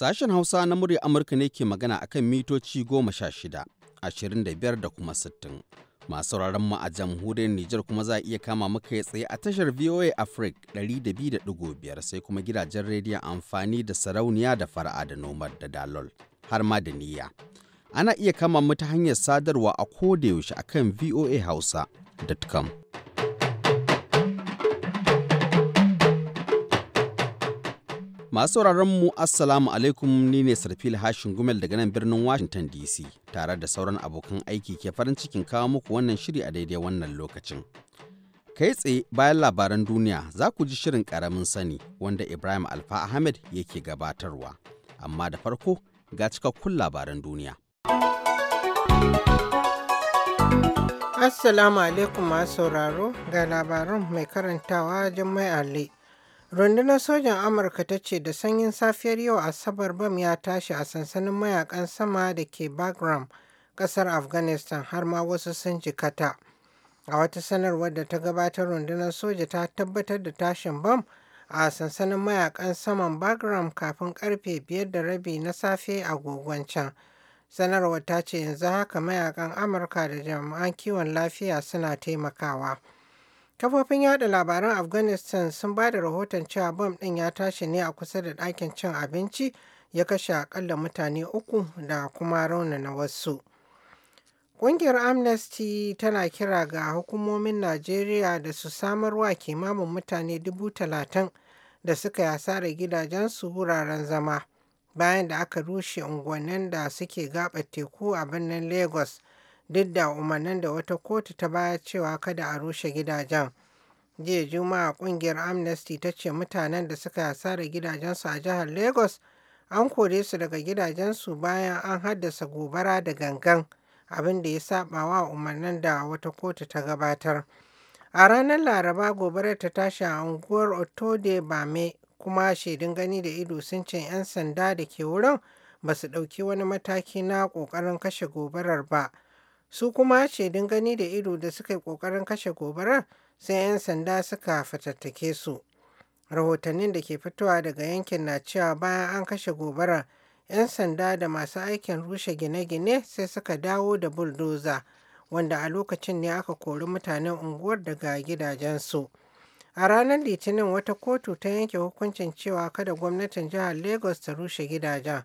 Sashen Hausa na murya Amurka ne ke magana a kan mitoci goma sha shida, ashirin da biyar da kuma sittin. Masu sauraron mu a jamhuriyar Nijar kuma za a iya kama muka ya tsaye a tashar VOA Africa 200.5 sai kuma gidajen rediyon amfani da sarauniya da fara'a da nomar da dalol har ma da niyya. Ana iya kama mu ta hanyar sadarwa a kodayaushe akan hausa.com. Masu mu Assalamu alaikum ni ne Sarfil Hashin Gumel daga nan birnin Washington DC tare da sauran abokan aiki ke farin cikin kawo muku wannan shiri a daidai wannan lokacin. Kai tsaye bayan labaran duniya za ku ji shirin karamin sani wanda Ibrahim Alfa Ahmed yake gabatarwa. Amma da farko ga cikakkun labaran duniya. Assalamu alaikum masu sauraro ga labarin mai karantawa Jummai Ali. Rundunar sojan Amurka ta ce da sanyin safiyar yau Asabar bam ya tashi a sansanin mayakan sama da ke Bagram, kasar Afghanistan har ma wasu sun jikata. A wata sanarwar da ta gabatar rundunar soja ta tabbatar da tashin bam a sansanin mayakan saman Bagram kafin karfe biyar da rabi na safe a gogon can. Sanarwar ta ce yanzu haka mayakan Amurka da jami'an kiwon lafiya suna taimakawa. Kafofin yada labaran Afghanistan sun ba da rahoton cewa bom ɗin ya tashi ne a kusa da ɗakin cin abinci ya kashe akalla mutane uku da kuma na wasu. Ƙungiyar Amnesty tana kira ga hukumomin Najeriya da su samarwa kimanin mutane dubu talatin da suka yasara gidajen gidajensu wuraren zama bayan da aka rushe unguwannin da suke gaɓa teku a birnin Lagos duk da umarnin da wata kotu ta baya cewa kada a rushe gidajen. Jiya Juma'a kungiyar Amnesty ta ce mutanen da suka hasara gidajensu a jihar Lagos an kore su daga gidajensu bayan an haddasa gobara da gangan abin da ya saba wa umarnin da wata kotu ta gabatar. A ranar Laraba gobarar ta tashi a unguwar Otode Bame kuma shaidun gani da ido sun ce 'yan sanda da ke wurin ba su ɗauki wani mataki na ƙoƙarin kashe gobarar ba. Su kuma shaidun gani da ido da suka yi ƙoƙarin kashe gobarar sai 'yan sanda suka fatattake su. Rahotannin da ke fitowa daga yankin na cewa bayan an kashe gobarar, 'yan sanda da masu aikin rushe gine-gine sai suka dawo da buldoza, wanda a lokacin ne aka kori mutanen unguwar daga gidajensu. A ranar Litinin wata kotu ta yanke hukuncin cewa kada gwamnatin jihar Lagos ta rushe gidajen.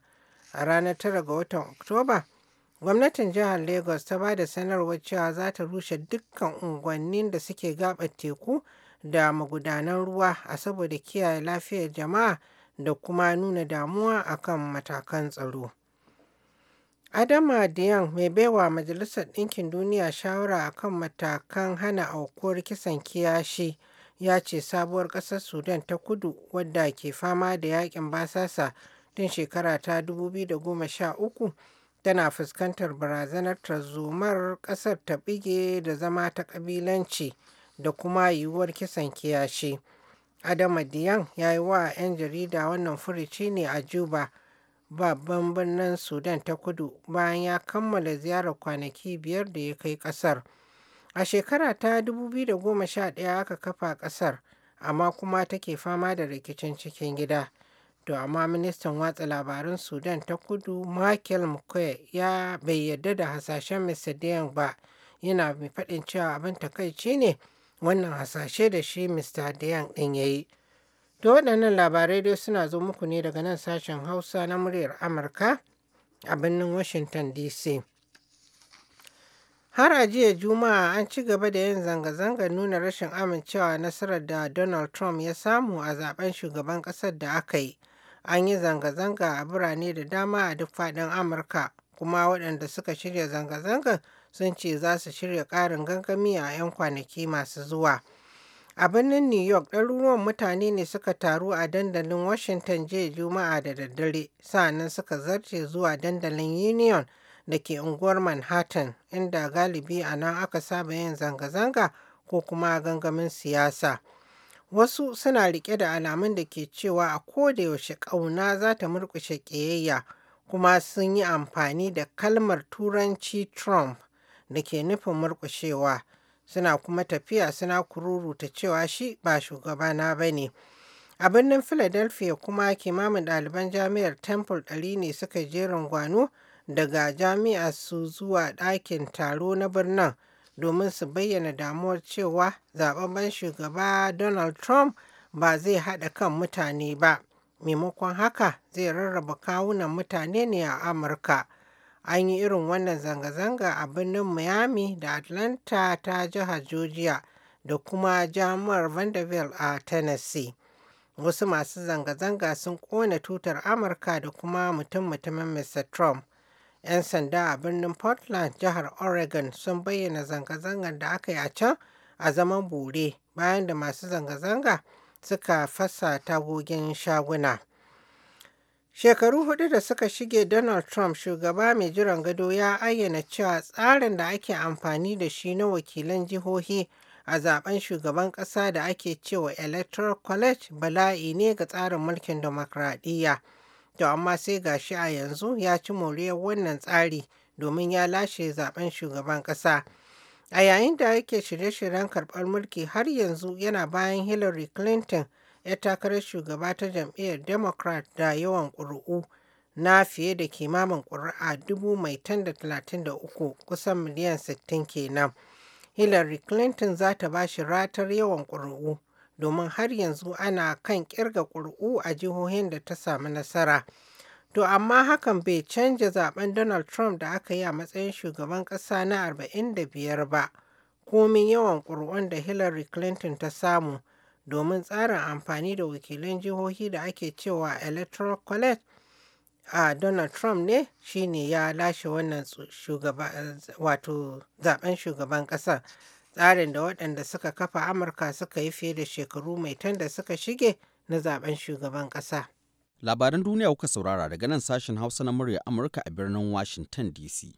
A ranar tara ga watan Oktoba, Gwamnatin jihar Lagos ta ba da sanarwar cewa za ta rushe dukkan unguwannin da suke gabar teku da magudanan ruwa a saboda kiyaye lafiyar jama'a da kuma nuna damuwa akan matakan tsaro. Adama Diyan mai baiwa Majalisar Ɗinkin Duniya shawara akan matakan hana aukuwar kisan kiyashi ya ce sabuwar ƙasar Sudan ta kudu wadda ke fama da yakin basasa tun shekara ta 2013 tana fuskantar barazanar tarzomar ƙasar ta bige da zama ta ƙabilanci da kuma yiwuwar kisan kiyashi. Adama Diyan ya yi wa 'yan jarida wannan furici ne a Juba, babban birnin Sudan ta kudu bayan ya kammala ziyarar kwanaki biyar da ya kai ƙasar. A shekara ta 2011 aka kafa ƙasar, amma kuma take fama da rikicin cikin gida. To amma ministan watsa labarun Sudan ta kudu Michael Mukwe ya bai yarda da hasashen Mr. Dayan ba yana mai faɗin cewa abin takaici ne wannan hasashe da shi Mr. Dayan ɗin ya yi. To waɗannan labarai dai suna zo muku ne daga nan sashen Hausa na muryar Amurka a birnin Washington DC. Har a jiya Juma'a an ci gaba da yin zanga zanga nuna rashin amincewa nasarar da Donald Trump ya samu a zaben shugaban ƙasar da aka yi. An yi zanga-zanga a birane da dama a duk faɗin Amurka, kuma waɗanda suka shirya zanga-zangar sun ce za su shirya ƙarin gangami a 'yan kwanaki masu zuwa. A birnin New York, ɗaruruwan mutane ne suka taru a dandalin Washington jiya Juma'a da daddare, sa'annan suka zarce zuwa dandalin Union da ke unguwar Manhattan, inda galibi a nan aka saba yin zanga-zanga ko kuma gangamin siyasa. Wasu suna riƙe da alamun da ke cewa a kodayaushe ƙauna za ta murkushe ƙiyayya kuma sun yi amfani da kalmar Turanci Trump da ke nufin murkushewa, suna kuma tafiya suna kururu ta cewa shi ba shugabana ba ne. A birnin Philadelphia kuma kimamin ɗaliban jami'ar Temple ɗari ne suka je rungwano daga jami'ar su zuwa ɗakin taro na birnin domin su bayyana damuwar cewa zababben shugaba Donald Trump ba zai haɗa kan mutane ba. Maimakon haka zai rarraba kawunan mutane ne a Amurka. An yi irin wannan zanga-zanga a birnin Miami da Atlanta ta jihar Georgia da kuma jami'ar Vanderbilt a Tennessee. Wasu masu zanga-zanga sun ƙona tutar Amurka da kuma mutum-mutumin Mr. Trump. 'Yan sanda a birnin Portland, jihar Oregon sun bayyana zanga-zangar da aka yi a can a zaman bore bayan da masu zanga-zanga suka fasa tagogin shaguna. Shekaru hudu da suka shige Donald Trump shugaba mai jiran gado ya ayyana cewa tsarin da ake amfani da shi na wakilan jihohi a zaben shugaban kasa da ake cewa Electoral College bala'i ne ga tsarin mulkin demokradiyya. to amma sai ga shi a yanzu ya ci moriyar wannan tsari domin ya lashe zaben shugaban ƙasa. A yayin da yake shirye-shiryen karɓar mulki har yanzu yana bayan Hillary Clinton ya takarar shugaba ta jam'iyyar Democrat da yawan ƙuri'u na fiye da kimamin ƙuri'a dubu mai uku kusan miliyan 60 kenan. Hillary Clinton za ta ba shi ratar yawan ƙuri'u domin har yanzu ana kan kirga ƙuri'u a jihohin da ta samu nasara. To amma hakan bai canja zaben Donald Trump da aka yi a matsayin shugaban ƙasa na 45 ba, komin yawan ƙuri'un da Hillary Clinton ta samu domin tsarin amfani da wakilan jihohi da ake cewa Electoral College a Donald Trump ne shine ya lashe wannan shugaba wato zaben shugaban ƙasa. tsarin da waɗanda suka kafa amurka suka yi fiye da shekaru mai tan da suka shige na zaben shugaban ƙasa labaran duniya kuka saurara daga nan sashen hausa na murya amurka a birnin washington dc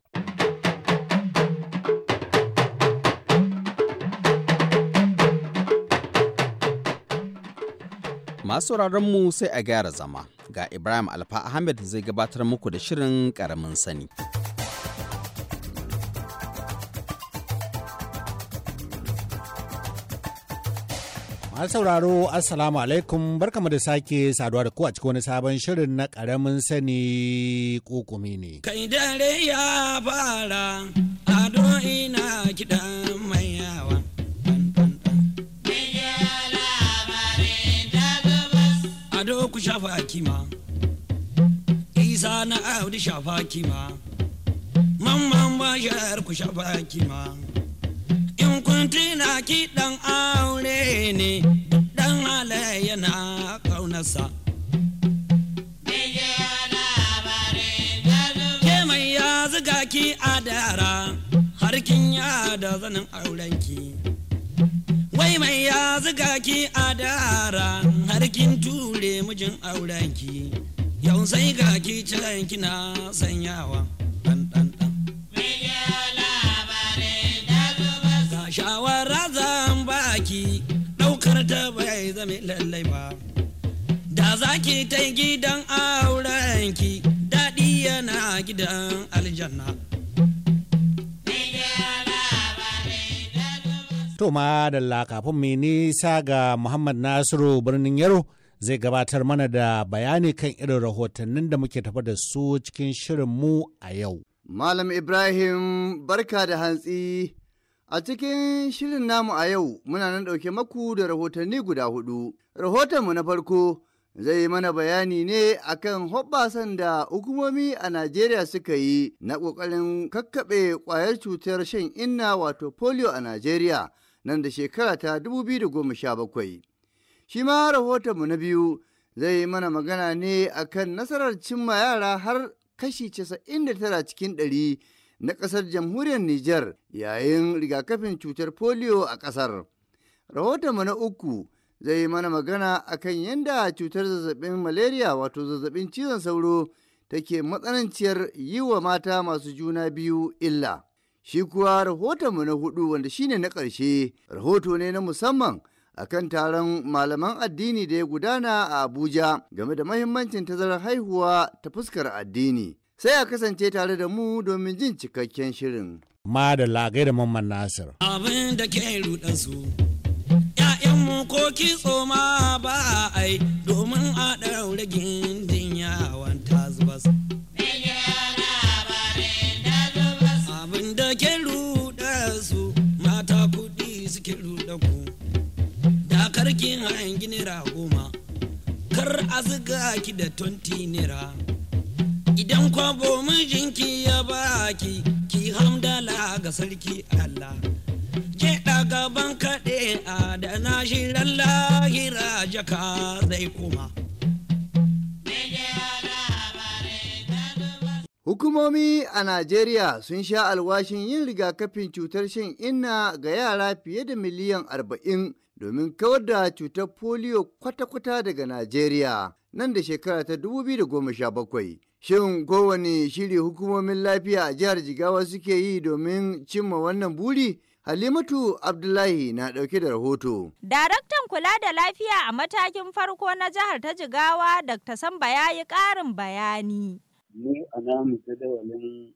masu mu sai a gyara zama ga ibrahim alfa ahmed zai gabatar muku da shirin ƙaramin sani. Masu sauraro Assalamu alaikum barkamu da sake saduwa da ku a cikin wani sabon shirin na karamin sani kokumi ne. Kai dare ya fara ado ina kiɗan mai yawa. Ado ku shafa kima, Isa na Audu shafa kima, Mamman bashar ku shafa kima. kuntina kiɗan aure ne dan ala yana ƙaunarsa. Kemai ya zuga ki a dara harkin ya da aurenki. Wai mai ya zuga ki a dara harkin ture mijin aurenki. Yau sai ga ki kina sanyawa ɗan zame lallai ba da zaki ta gidan aurenki daɗi yana gidan aljanna To ma da kafin mai nisa ga Muhammad Nasiru birnin Yaro zai gabatar mana da bayani kan irin rahotannin da muke tafa da su cikin shirin mu a yau. Malam Ibrahim barka da hantsi A cikin shirin namu a yau muna nan ɗauke maku da rahotanni guda hudu. Rahotonmu na farko zai yi mana bayani ne akan hoɓɓasan da hukumomi a Najeriya suka yi na ƙoƙarin kakkaɓe ƙwayar cutar shan inna wato polio a Najeriya nan da shekara ta 2017. Shi ma rahotonmu na biyu zai yi mana magana ne akan nasarar cimma yara har kashi 99 cikin ɗari. na ƙasar jamhuriyar Nijar yayin rigakafin cutar polio a ƙasar. Rahoton na uku zai yi mana magana akan yadda cutar zazzabin malaria wato zazzabin cizon sauro take matsananciyar yi wa mata masu juna biyu illa. Shi kuwa rahoton na hudu wanda shine na ƙarshe rahoto ne na musamman akan taron malaman addini da ya gudana a Abuja game da mahimmancin tazarar haihuwa ta fuskar addini. sai a kasance tare da mu domin jin cikakken shirin. Ma da lagai da mamman Nasir. Abin da ke rudansu, ‘ya'yanmu ko kitso ma ba ai domin a ɗaure gindin yawon ta zuba Abin da ke mata kuɗi suke ruɗa ku. Dakar kin hangin goma, kar a ziga ki da tonti nera. idan kwabo mijinki ya baki ki hamdala ga sarki Allah ke gaban kaɗe a da na shi lahira jaka zai kuma Hukumomi a Najeriya sun sha alwashin yin rigakafin cutar shan inna ga yara fiye da miliyan arba'in domin kawar da cutar foliyo kwata-kwata daga Najeriya nan da shekara ta 2017. Shin kowane shiri hukumomin lafiya a jihar Jigawa suke yi domin cimma wannan buri? Halimatu Abdullahi na ɗauke da rahoto. Daraktan kula da lafiya a matakin farko na jihar ta Jigawa, Dr. Samba ya yi ƙarin bayani. Mu a namu jadawalin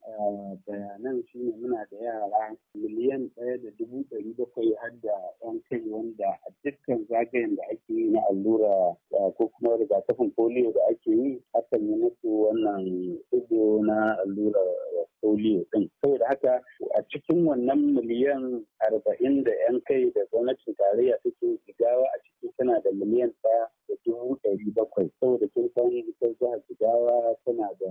bayanan shi muna da yara miliyan ɗaya da dubu ɗari bakwai har da ɗan kai wanda a dukkan zagayen da ake yi na allura ko kuma rigakafin polio da ake yi hakan ne na allurar polio din. Saboda haka a cikin wannan miliyan arba'in da 'yan kai da gwamnatin tarayya take jigawa a ciki tana da miliyan ɗaya da dubu ɗari bakwai. Saboda kin san ita jihar jigawa tana da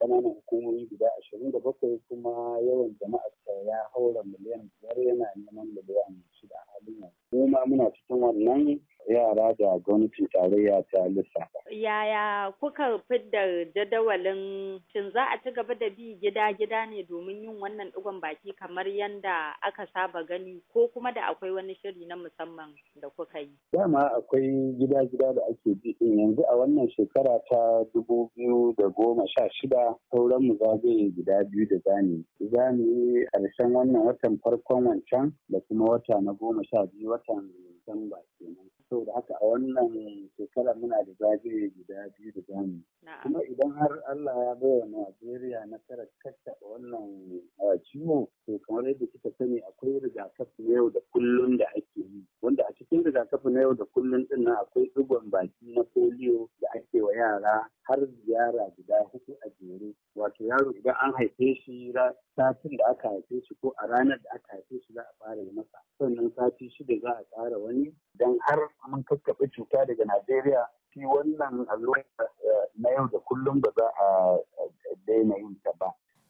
ƙananan hukumomi guda ashirin da bakwai kuma yawan jama'a ya haura miliyan biyar yana neman miliyan shida a halin yanzu. Mu ma muna cikin wannan yara da gwamnatin tarayya ta lissa. yaya kuka fidda jadawalin shin za a ci gaba da bi gida-gida ne domin yin wannan digon baki kamar yadda aka saba gani ko kuma da akwai wani shiri na musamman da kuka yi? Dama akwai gida-gida da ake bi yanzu a wannan shekara ta dubu biyu da goma sha shida sauran mu zagaye gida biyu da zani. Za mu yi wannan watan farkon wancan da kuma wata na goma sha biyu watan Disamba kenan. saboda haka a wannan shekara muna da zagaye guda biyu da zamu kuma idan har Allah ya bai wa Najeriya nasarar a wannan ciwo to kamar yadda kika sani akwai rigakafi na yau da kullun da ake yi wanda a cikin rigakafi na yau da kullun din nan akwai digon baki na polio da ake wa yara har ziyara guda hudu a jere wato yaro idan an haife shi satin da aka haife shi ko a ranar da aka haife shi za a fara yi masa sannan sati shida za a tsara wani don har mun kakkaɓe cuta daga najeriya shi wannan allura eh, na yau da kullum ba za a daina yin ta ba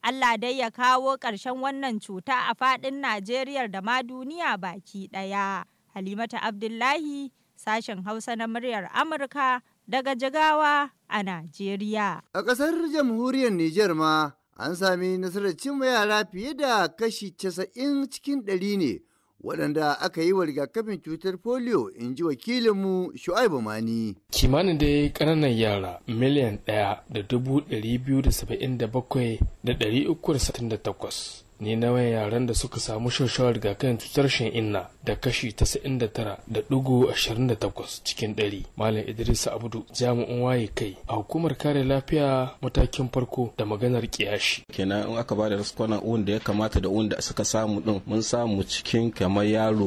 Allah dai ya kawo ƙarshen wannan cuta a faɗin Najeriya da ma duniya baki ɗaya. Halimata Abdullahi, sashen Hausa na muryar Amurka daga Jigawa a Najeriya. A ƙasar jamhuriyar Nijar ma an sami nasarar cimma yara fiye da kashi 90 cikin ɗari ne waɗanda aka yi wa rigakafin cutar polio in ji wakilinmu shu'aibu mani kimanin dai ƙananan yara miliyan ɗaya da dubu ɗari biyu da saba'in da bakwai da ɗari uku da satin da takwas ne nauyin yaran da suka samu shawarar rigakafin cutar shan inna da kashi 99.28 cikin ɗari. Malam Idris Abdu jami'in waye kai a hukumar kare lafiya matakin farko da maganar kiyashi. Kenan in aka da raskwana uwan da ya kamata da uwan da suka samu din mun samu cikin kamar yaro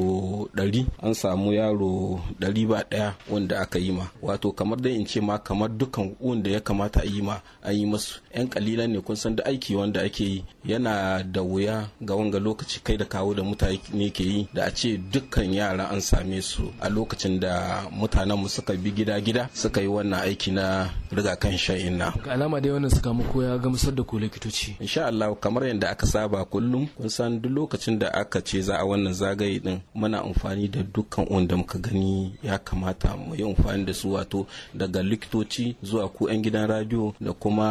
100 an samu yaro 100 ba daya wanda aka yi ma wato kamar dai in ce ma kamar dukan uwan da ya kamata a yi ma an yi masu yan kalilan ne kun san da aiki wanda ake yi yana da wuya ga wanga lokaci kai da kawo da mutane ke yi da a ce dukkan yara an same su a lokacin da mutanenmu suka bi gida-gida suka yi wannan aiki na rigakan sha'inna. Ga alama dai wannan suka muku ya gamsar da ku likitoci. Insha Allah kamar yadda aka saba kullum kun san duk lokacin da aka ce za a wannan zagaye din muna amfani da dukkan wanda muka gani ya kamata mu yi amfani da su wato daga likitoci zuwa ku 'yan gidan radio da kuma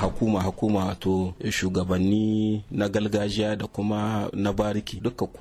hakuma hakuma wato shugabanni na dalgajiya da kuma na bariki duka duk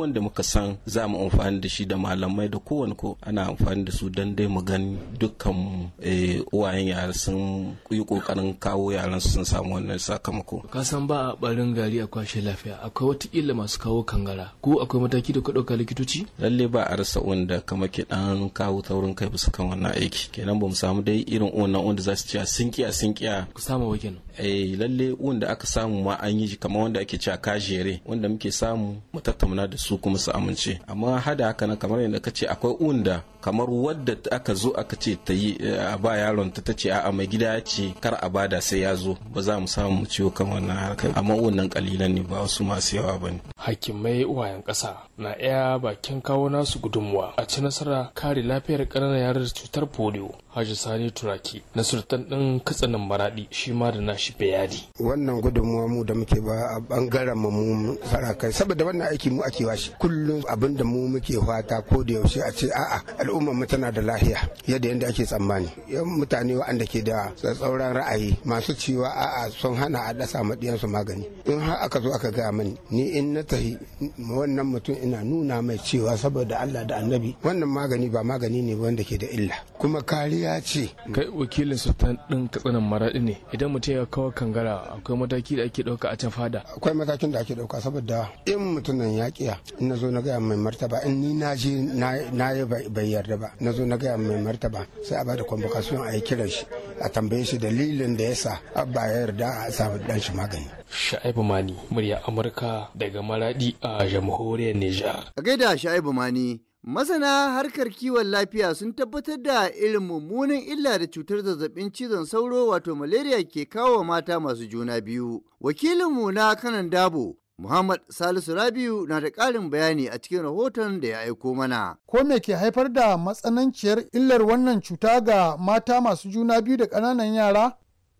wanda muka san za mu amfani da shi da malamai da kowane ko ana amfani da su don dai mu gani dukkan eh, uwayen yara sun yi kokarin kawo yaran sun samu wannan sakamako ka san ba a barin gari a kwashe lafiya akwai watakila masu kawo kangara ko akwai mataki da ka dauka likitoci lalle ba a rasa wanda kama ke dan kawo taurin kai bisa kan wannan aiki kenan ba mu samu dai irin wannan wanda za su ci a sinkiya sinkiya ku samu wakin eh lalle wanda aka samu ma an yi kamar wanda wanda ake cewa kajere wanda muke samu mu tattauna da su kuma su amince amma hada haka nan kamar yadda kace akwai unda kamar wadda aka zo aka ce ta yi eh, a ba yaron ta ce a mai gida ce kar a bada sai ya zo ba za mu samu ciwo kan wannan harkar amma wannan kalilan ne ba wasu masu yawa bane hakimai uwayen ƙasa na iya bakin kawo nasu gudunmuwa a ci nasara kare lafiyar ƙananan yaran cutar polio haji sani turaki na sultan ɗin katsanin maraɗi shi ma da nashi bayani. wannan gudunmuwa mu da muke ba a ɓangaren mu kai saboda wannan aiki mu ake washi kullum abin da mu muke fata ko da yaushe a ce a'a al'ummar mu tana da lahiya yadda yadda ake tsammani yan mutane wa'anda ke da tsatsauran ra'ayi masu cewa a'a sun hana a ɗasa maɗiyansu magani in har aka zo aka gaya mani ni in na suka wannan mutum ina nuna mai cewa saboda Allah da annabi wannan magani ba magani ne wanda ke da illa kuma kariya ce kai wakilin sultan din katsinan maradi ne idan mutum ya kawo kangara akwai mataki da ake dauka a can fada akwai matakin da ake dauka saboda in mutum nan ya kiya in zo na gaya mai martaba in ni na je na yi bai yarda ba Na zo na gaya mai martaba sai a bada convocation a yi kiran shi a tambaye shi dalilin da yasa abba ya yarda a sami dan shi magani sha'ibu mani murya amurka daga maradi a jamhuriyar nijar a gaida sha'ibu mani Masana harkar kiwon lafiya sun tabbatar da irin mummunan illa da cutar zazzabin cizon sauro wato malaria ke kawo mata masu juna biyu. Wakilinmu na kanan dabo Muhammad Salisu Rabiu na da ƙarin bayani a cikin rahoton da ya aiko mana. Ko me ke haifar da matsananciyar illar wannan cuta ga mata masu juna biyu da ƙananan yara?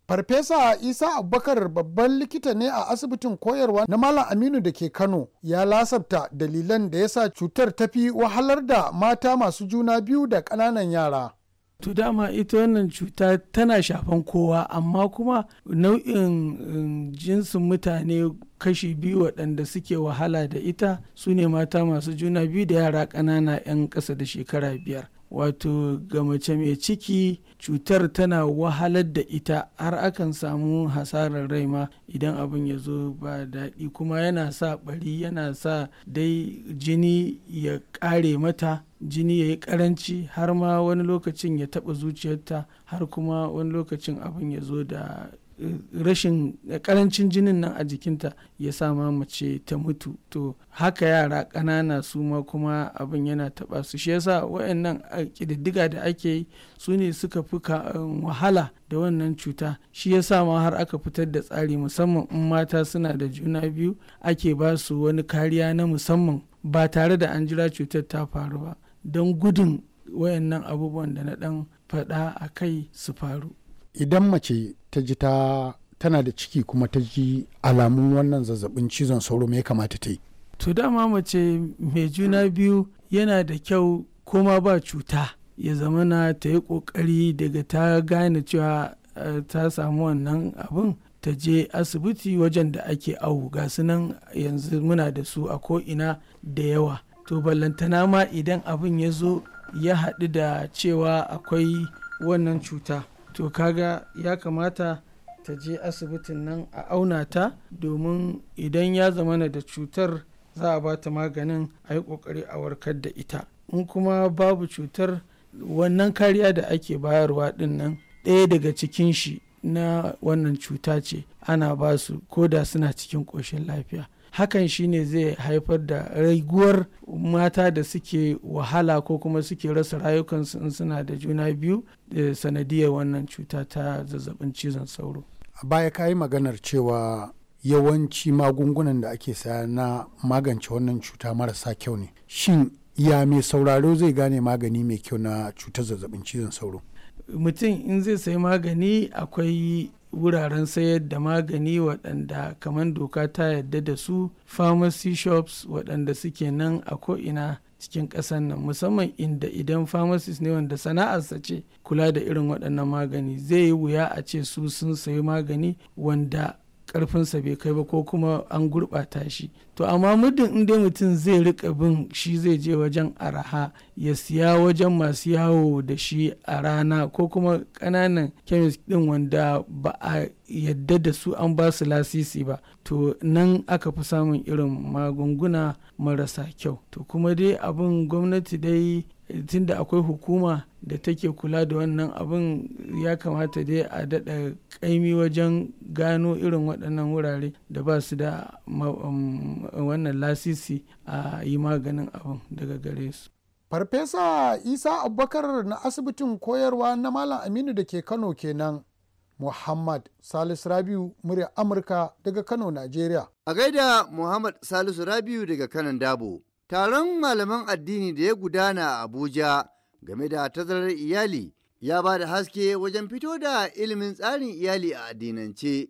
Farfesa Isa Abubakar babban likita ne a asibitin koyarwa na Malam Aminu da ke Kano ya lasabta dalilan da ya sa cutar ta fi wahalar da mata masu juna biyu da ƙananan yara. to dama ita wannan cuta tana shafan kowa amma kuma nau'in um, jinsin mutane kashi biyu waɗanda suke wahala da ita su ne mata masu juna biyu da yara ƙanana 'yan ƙasa da shekara biyar wato ga mace mai ciki cutar tana wahalar da ita har akan samu hasarar rai ma idan abin ya zo ba daɗi kuma yana sa ɓari yana sa dai jini ya ƙare mata jini ya yi ƙaranci har ma wani lokacin ya taɓa zuciyarta har kuma wani lokacin abin ya zo da rashin karancin jinin nan a jikinta ya sa mace ta mutu to haka yara ƙanana su ma kuma abin yana taɓa su shi yasa wayannan ƙididdiga da ake yi su ne suka fi um, wahala da wannan cuta shi yasa ma har aka fitar da tsari musamman in mata suna da juna biyu ake ba su wani kariya na musamman ba tare da an jira cutar ta faru ba don gudun wayannan abubuwan da na ɗan faɗa a kai su faru idan mace ta ji ta tana da ciki kuma ta ji alamun wannan zazzabin cizon sauro me ya kamata ta yi to dama mace mai juna biyu yana da kyau koma ba cuta ya zamana ta yi kokari daga ta gane cewa eh, ta samu wannan abin ta je asibiti wajen da ake awu ga nan yanzu muna da su a ko'ina da yawa to ballantana ma idan abin ya zo ya haɗu da cewa akwai wannan cuta to kaga ya kamata ta je asibitin nan a auna ta domin idan ya zamana da cutar za a bata maganin a yi kokari a warkar da ita in kuma babu cutar wannan kariya da ake bayarwa din nan ɗaya daga cikin shi na wannan cuta ce ana ba su ko da suna cikin ƙoshin lafiya hakan shine zai haifar da raguwar mata da suke wahala ko kuma suke rasa rayukansu in suna da juna biyu da eh, sanadiyar wannan cuta ta zazzabin cizon sauro a baya ka yi maganar cewa yawanci magungunan da ake saya na magance wannan cuta marasa kyau ne shin ya mai sauraro zai gane magani mai kyau na cutar zazzabin cizon sauro mutum in zai sayi magani akwai wuraren sayar da magani waɗanda kamar doka ta yadda da su pharmacy shops waɗanda suke nan a ko'ina cikin ƙasar nan musamman inda idan pharmacist ne wanda sana'arsa ce kula da irin waɗannan magani zai yi wuya a ce su sun sayi magani wanda karfinsa bai kai ba ko kuma an gurɓata shi to amma muddin inda mutum zai rika bin shi zai je wajen araha ya siya wajen masu yawo da shi a rana ko kuma ƙananan kemis ɗin wanda ba a yadda da su an basu lasisi ba to nan aka fi samun irin magunguna marasa kyau to kuma dai abin gwamnati dai tunda akwai hukuma da take kula da wannan abin ya kamata dai a daɗa ƙaimi wajen gano irin waɗannan wurare da ba su da um, wannan lasisi a yi maganin abin daga gare su farfesa isa abubakar na asibitin koyarwa na malam aminu da ke kano kenan muhammad salisu rabiu murya amurka daga kano nigeria a gaida muhammad salisu rabiu daga kanan dabo Taron malaman addini da ya gudana a Abuja game da tazarar iyali ya ba da haske wajen fito da ilimin tsarin iyali a addinance.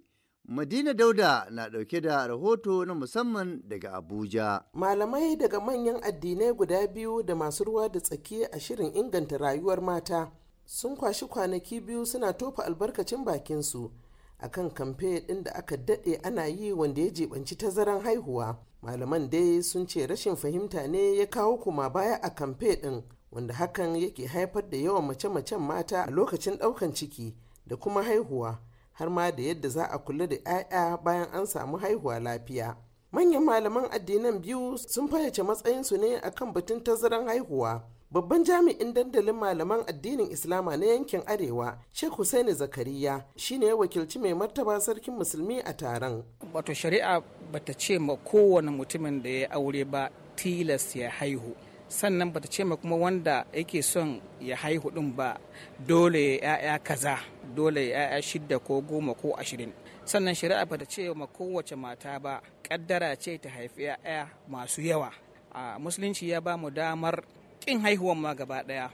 Madina Dauda na ɗauke da rahoto na musamman daga Abuja. Malamai daga manyan addinai guda biyu da masu ruwa da tsaki a shirin inganta rayuwar mata sun kwashi kwanaki biyu suna tofa albarkacin bakinsu. akan kamfe ɗin da aka daɗe ana yi wanda ya jibanci tazaran haihuwa malaman dai sun ce rashin fahimta ne ya kawo kuma baya a kamfe ɗin wanda hakan yake haifar da yawan mace-macen mata a lokacin ɗaukan ciki da kuma haihuwa har ma da yadda za a kula da 'ya'ya bayan an samu haihuwa lafiya manyan malaman addinan biyu sun fahimci matsayinsu ne akan batun tazaran haihuwa Babban jami'in dandalin malaman addinin Islama na yankin Arewa, Sheikh Hussaini Zakariya, shine ya wakilci mai martaba sarkin musulmi a taron. Wato shari'a bata ce ma kowane mutumin da ya aure ba tilas ya haihu. Sannan bata ce ma kuma wanda yake son ya haihu din ba dole ya 'ya'ya kaza, dole ya 'ya'ya shidda ko goma ko ashirin. Sannan shari'a bata ce ma kowace mata ba kaddara ce ta haifi 'ya'ya masu yawa. A musulunci ya ba mu damar haƙƙin haihuwan ma gaba ɗaya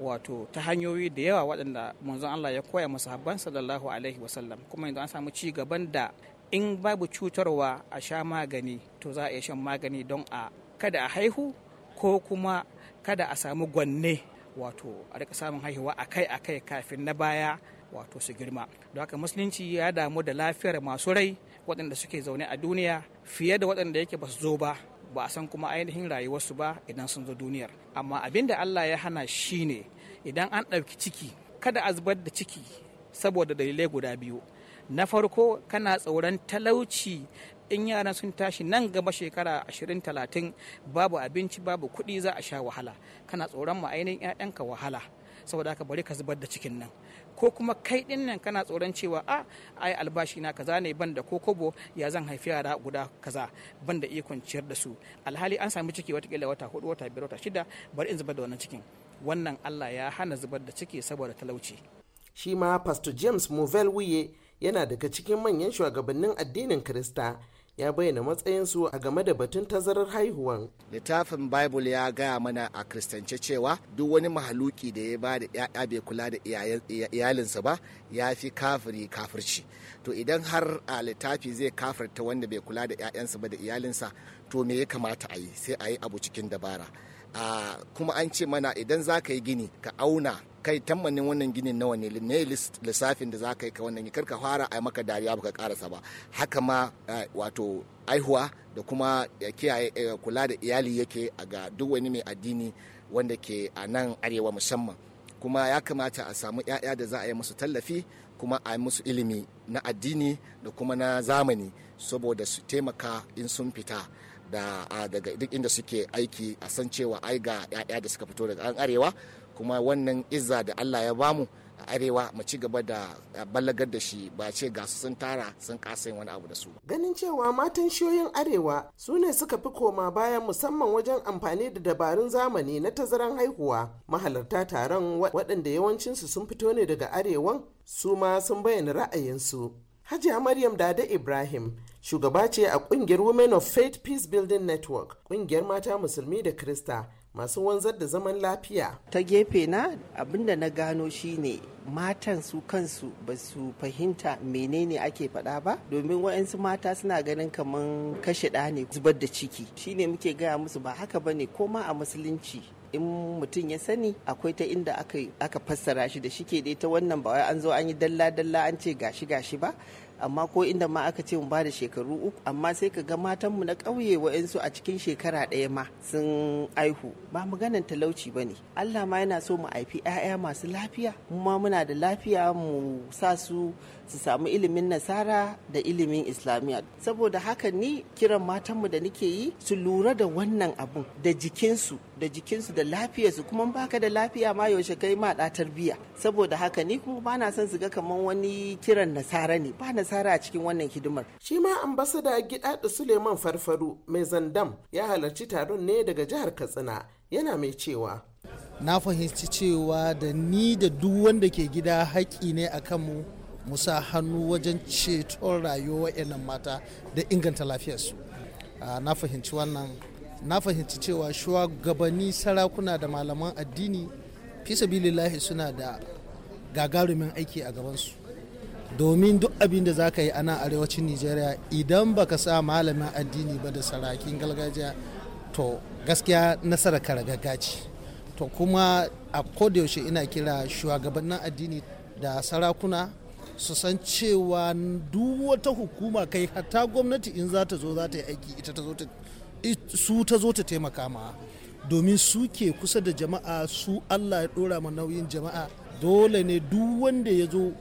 wato ta hanyoyi da yawa waɗanda manzon Allah ya koya masa habban sallallahu alaihi wasallam kuma yanzu an samu ci gaban da in babu cutarwa a sha magani to za a iya shan magani don a kada a haihu ko kuma kada a samu gwanne wato a rika samun haihuwa akai akai kafin na baya wato su girma don haka musulunci ya damu da lafiyar masu rai waɗanda suke zaune a duniya fiye da waɗanda yake ba su zo ba ba a san kuma ainihin rayuwarsu ba idan sun zo duniyar amma abin da Allah ya hana shi ne idan an ɗauki ciki kada a zubar da ciki saboda dalilai guda biyu na farko kana tsoron talauci in yara sun tashi nan gaba shekara 20-30 babu abinci babu kuɗi za a sha wahala kana tsoron ma'ainin 'ya'yanka wahala saboda haka bari ka zubar da cikin nan ko kuma kai din nan kana tsoron cewa a ah, ai albashi na kaza ne banda ko kobo ya zan haifi yara guda kaza banda ikon ciyar da su alhali an sami ciki watakila wata hudu wata biyar wata shida bari in zubar da wannan cikin wannan Allah ya hana zubar da ciki saboda talauci shi ma pastor james movell wuye yana daga cikin manyan shugabannin addinin kirista ya bayyana matsayinsu a game da batun tazarar haihuwan. Littafin Bible ya gaya mana a Kristance cewa duk wani mahaluki da ya ba da ‘ya'ya bai kula da iyalinsa ba ya fi kafiri kafirci. To idan har a littafi zai kafirta wanda bai kula da ‘ya'yansa ba da iyalinsa to me ya kamata a yi sai a yi abu cikin dabara. kuma an ce mana idan za ka yi gini ka auna kai tammanin wannan ginin nawa ne ne lissafin da za ka yi ka wannan kar ka fara a maka dariya baka karasa ba haka ma wato aihuwa da kuma kiyaye eh, kula da iyali yake a ga duk wani mai addini wanda ke a nan arewa musamman kuma ya kamata a samu 'ya'ya da za a yi musu tallafi kuma a yi musu ilimi na addini da kuma na zamani saboda su taimaka in sun fita da daga duk inda suke aiki a san cewa ai ga 'ya'ya da suka fito daga an arewa kuma wannan izza da allah ya bamu a arewa mu ci gaba da ballagar da shi ba ce ga su sun tara sun kasa yin wani abu da su ganin cewa matan shiyoyin arewa su ne suka fi koma bayan musamman wajen amfani da dabarun zamani na tazaran haihuwa mahalarta taron waɗanda yawancinsu sun fito ne daga arewan su ma sun bayyana ra'ayinsu hajiya maryam dada ibrahim shugaba ce a kungiyar women of faith peace building network kungiyar mata musulmi da krista masu wanzar da zaman lafiya ta gefe na abinda na gano shine matan su kansu ba su fahimta menene ake faɗa ba domin wayansu mata suna ganin kamar kashe ɗa ne zubar da ciki shine muke gaya musu ba haka ba ne koma a musulunci in mutum ya sani akwai ta inda aka, fassara shi da ke dai ta wannan ba wai an zo an yi dalla dalla an ce gashi gashi ba amma ko inda ma aka ce mu ba da shekaru uku amma sai ka ga matanmu na ƙauye wa'yansu a cikin shekara ɗaya ma sun aihu ba maganan talauci ba ne allah ma yana so mu haifi 'ya'ya masu lafiya mu ma muna da lafiya mu sa su su samu ilimin nasara da ilimin islamiyya saboda haka ni kiran matanmu da nake yi su lura da wannan abun da jikinsu da jikinsu da lafiyarsu kuma baka da lafiya ma yaushe kai ma da tarbiya saboda haka ni kuma ba na son su ga kaman wani kiran nasara ne ba nasara a cikin wannan hidimar shi ma ambasada da suleiman farfaru mai zandam ya halarci taron ne daga jihar katsina yana mai cewa na fahimci cewa da ni da duk wanda ke gida haƙƙi ne a kanmu mu sa hannu wajen ceton rayuwa 'yan mata da inganta lafiyarsu ah, na fahimci wannan na fahimci cewa shugabanni sarakuna da malaman addini fisabilillahi suna da gagarumin aiki a gabansu domin duk abin da za ka yi a arewacin nigeria idan baka sa malamin addini ba da sarakin gargajiya to gaskiya nasara nasarar karagagaci to kuma a kodayaushe ina kira shugabannin addini da sarakuna su san cewa duk wata hukuma kai hatta gwamnati in za ta zo za ta yi aiki ita ta zo ta su ta zo ta taimaka ma domin su ke kusa da jama'a su allah ya ɗora ma nauyin jama'a dole ne duk wanda ya zo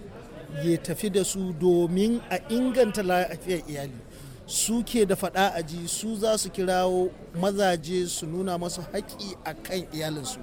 ya tafi da su domin a inganta lafiyar iyali su ke da faɗa ji su za su kirawo mazaje su nuna masu haƙi a kan iyalinsu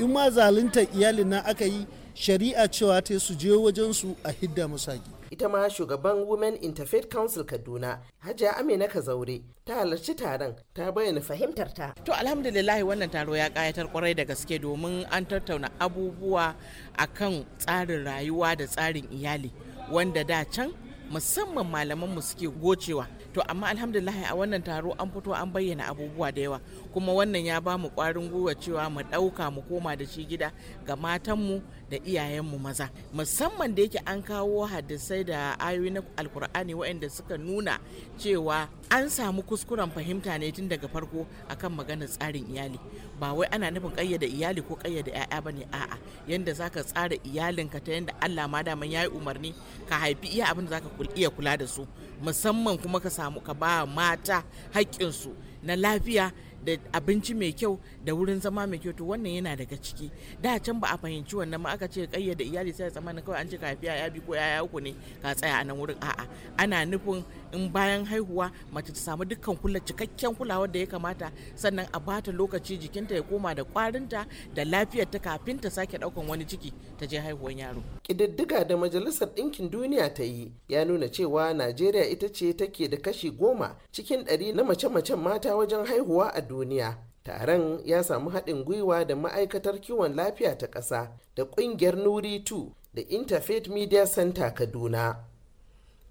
in ma zaluntar iyalin na aka yi shari'a cewa ta su je wajensu a hidda musaki ita ma shugaban women interfaith council kaduna hajiya amina kazaure ta halarci taron ta bayyana fahimtar ta to alhamdulillah wannan taro ya kayatar kwarai da gaske domin an tattauna abubuwa akan tsarin rayuwa da tsarin iyali wanda da can musamman malamanmu suke gocewa to amma alhamdulillah a wannan taro an fito an bayyana abubuwa da yawa kuma wannan ya ba mu kwarin gwiwa cewa mu ɗauka mu koma da shi gida ga matanmu da iyayenmu maza musamman da yake an kawo hadisai da ayoyi na alkur'ani waɗanda suka nuna cewa an samu kuskuren fahimta ne tun daga farko akan maganar tsarin iyali ba wai ana nufin ƙayyade iyali ko ƙayyade 'ya'ya ba ne a'a yanda zaka tsara iyalinka ta yanda Allah ma daman ya yi umarni ka haifi iya abin da zaka iya kula da su musamman kuma ka samu ka ba mata haƙƙinsu na lafiya da abinci mai kyau da wurin zama mai kyau to wannan yana daga ciki da can ba a fahimci wannan ma aka ce kayyade iyali sai tsammanin kawai an ce ka ya bi ko ya uku ne ka tsaya a nan wurin a'a ana nufin in bayan haihuwa mace ta samu dukkan kula cikakken kulawar da ya kamata sannan a bata lokaci jikinta ya koma da kwarinta da lafiyar ta kafin ta sake daukan wani ciki ta je haihuwar yaro kididdiga da majalisar ɗinkin duniya ta yi ya nuna cewa najeriya ita ce take da kashi goma cikin ɗari na mace-macen mata wajen haihuwa a duniya taron ya samu haɗin gwiwa da ma'aikatar kiwon lafiya ta ƙasa da ƙungiyar nuri 2 da interfaith media center kaduna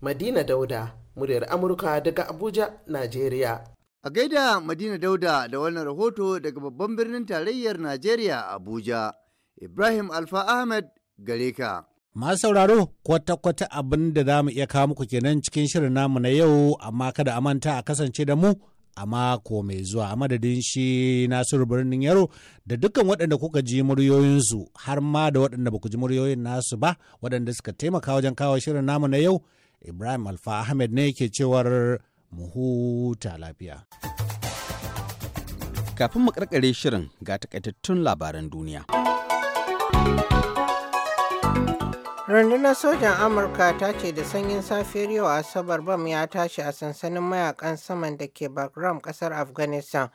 madina dauda muryar amurka daga abuja nigeria a gaida madina dauda da wannan rahoto daga babban birnin tarayyar nigeria abuja ibrahim alfa ahmed gare ka Masu sauraro kwata-kwata abin da za mu iya kawo muku kenan cikin shirin namu na yau amma kada a manta a kasance da mu a mako mai zuwa a madadin shi nasiru birnin yaro da dukkan waɗanda kuka ji muryoyinsu har ma da waɗanda ba ku ji muryoyin nasu ba waɗanda suka taimaka wajen kawo shirin namu na yau ibrahim alfa ahmed ne ke cewar mu huta lafiya kafin mu karkare shirin ga takaitattun labaran duniya rundunar sojan amurka ta ce da sanyin safiyar yau asabar bam ya tashi a sansanin mayakan saman da ke bagram kasar afghanistan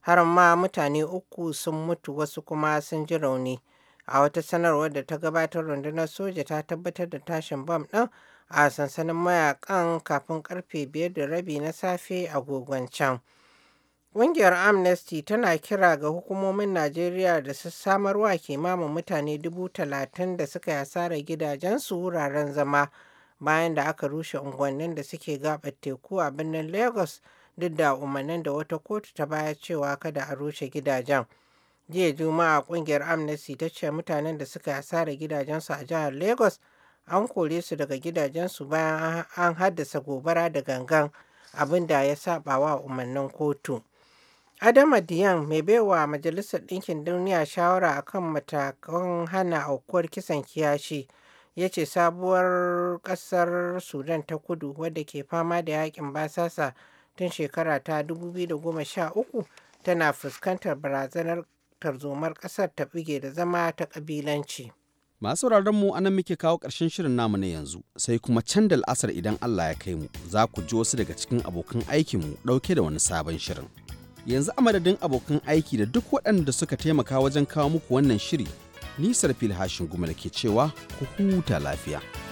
har ma mutane uku sun mutu wasu kuma sun ji rauni a wata sanarwar da ta gabatar rundunar soja ta tabbatar da tashin bam ɗin a sansanin mayakan kafin karfe biyar da rabi na safe agogon can. Ƙungiyar Amnesty tana kira ga hukumomin Najeriya da su samarwa kimanin mutane dubu talatin da suka yi gidajensu wuraren zama bayan da aka rushe unguwannin da suke gabar teku a birnin Lagos duk da umarnin da wata kotu ta baya cewa kada a rushe gidajen. Jiya Juma'a ƙungiyar Amnesty ta ce mutanen da suka yi gidajensu a jihar Lagos an kore su daga gidajensu bayan an haddasa gobara da gangan abin da ya saba wa umarnin kotu. Adama Diyan mai baiwa Majalisar Ɗinkin Duniya shawara akan matakan hana aukuwar kisan kiyashi ya ce sabuwar ƙasar Sudan ta kudu wadda ke fama da yakin basasa tun shekara ta 2013 tana fuskantar barazanar tarzomar ƙasar ta buge da zama ta ƙabilanci. Masu mu anan muke kawo ƙarshen shirin namu na yanzu, sai kuma can da al'asar idan Allah ya kai mu, za ku ji wasu daga cikin abokan aikinmu ɗauke da wani sabon shirin. yanzu amadadin madadin abokan aiki da duk waɗanda suka taimaka wajen kawo muku wannan shiri nisar filhashin gumala ke cewa ku huta lafiya.